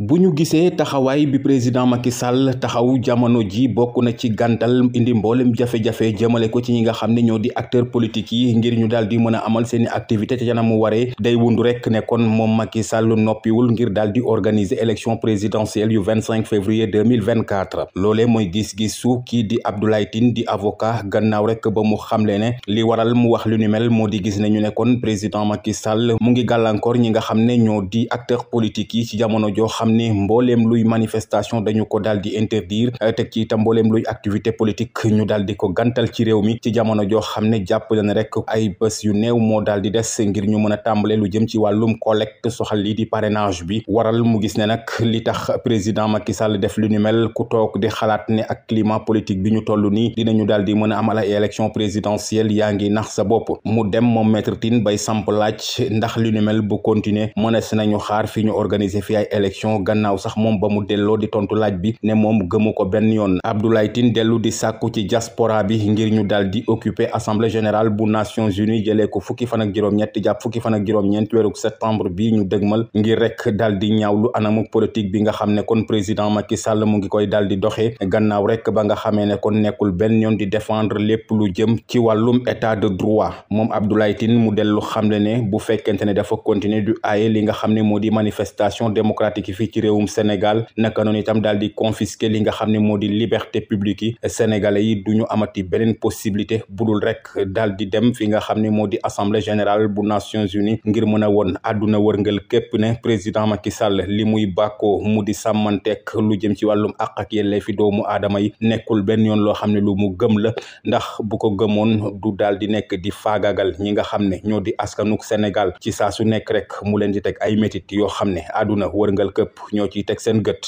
bu ñu gisee taxawaay bi président Macky Sall taxaw jamono ji bokk na ci gantal indi mboolem jafe-jafe jëmale ko ci ñi nga xam ne ñoo di acteur politique yi ngir ñu daal di mën a amal seen i activité mu waree day wundu rek ne kon moom Macky Sall noppiwul ngir daal di organiser élection présidentielle yu 25 février 2024 loolee mooy gis-gisu kii di Abdoulaye Tine di avocat gannaaw rek ba mu xamle ne li waral mu wax lu ni moo di gis ne ñu ne président Macky Sall mu ngi gàllankoor ñi nga xam ne ñoo di acteur politique yi ci jamono joo xam ni mbooleem luy manifestation dañu ko daal di interdire eh, teg ci ta mbooleem luy activité politique ñu daal di ko gantal ci réew mi ci jamono joo xam ne jàpp leen rek ay bés yu néew moo daal di des ngir ñu mën a tàmbale lu jëm ci wàllum collecte soxal lii di parrainage bi waral mu gis ne nag li tax président Macky Sall def lu ni mel ku toog di xalaat ne ak climat politique bi ñu toll nii dinañu daal di mën a amal ay élection présidentielle yaa ngi nax sa bopp mu dem moom maître bay samp laaj ndax lu ni mel bu continuer mënees nañu xaar fi ñu organiser fi ay élection moo gannaaw sax moom ba mu delloo di tontu laaj bi ne moom gëmu ko benn yoon Abdoulaye Tine dellu di sàkku ci diaspora bi ngir ñu daal di occuper assemblée générale bu Nations Unies jëlee ko fukki fan ak juróom-ñett jàpp fukki fan ak juróom-ñeent weeru septembre bi ñu dëgmal ngir rek daal di ñaawlu anamu politique bi nga xam ne kon président Macky Sall mu ngi koy daal di doxee gannaaw rek ba nga xamee ne kon nekkul benn yoon di défendre lépp lu jëm ci wàllum état de droit moom Abdoulaye Tine mu dellu xamle ne bu fekkente ne dafa continuer du aaye li nga xam ne moo di manifestation démocratique fii fii ci réewum Sénégal naka noonu itam daal di confisquer li nga xam ne moo di liberté publique yi sénégalais yi du ñu amati beneen possibilité budul rek daal di dem fi nga xam ni moo di assemblée générale bu Nations Unies ngir mën a woon àdduna wërngal képp ne président Macky Sall li muy bàkkoo mu di sàmmanteek lu jëm ci wàllum àq ak yelleefi doomu aadama yi nekkul benn yoon loo xam ne lu mu gëm la ndax bu ko gëmoon du daal di nekk di faagagal ñi nga xam ne ñoo di askanuk Sénégal ci saa su nekk rek mu leen di teg ay métit yoo xam ne àdduna wërngal képp ñëpp ñoo ciy teg seen gët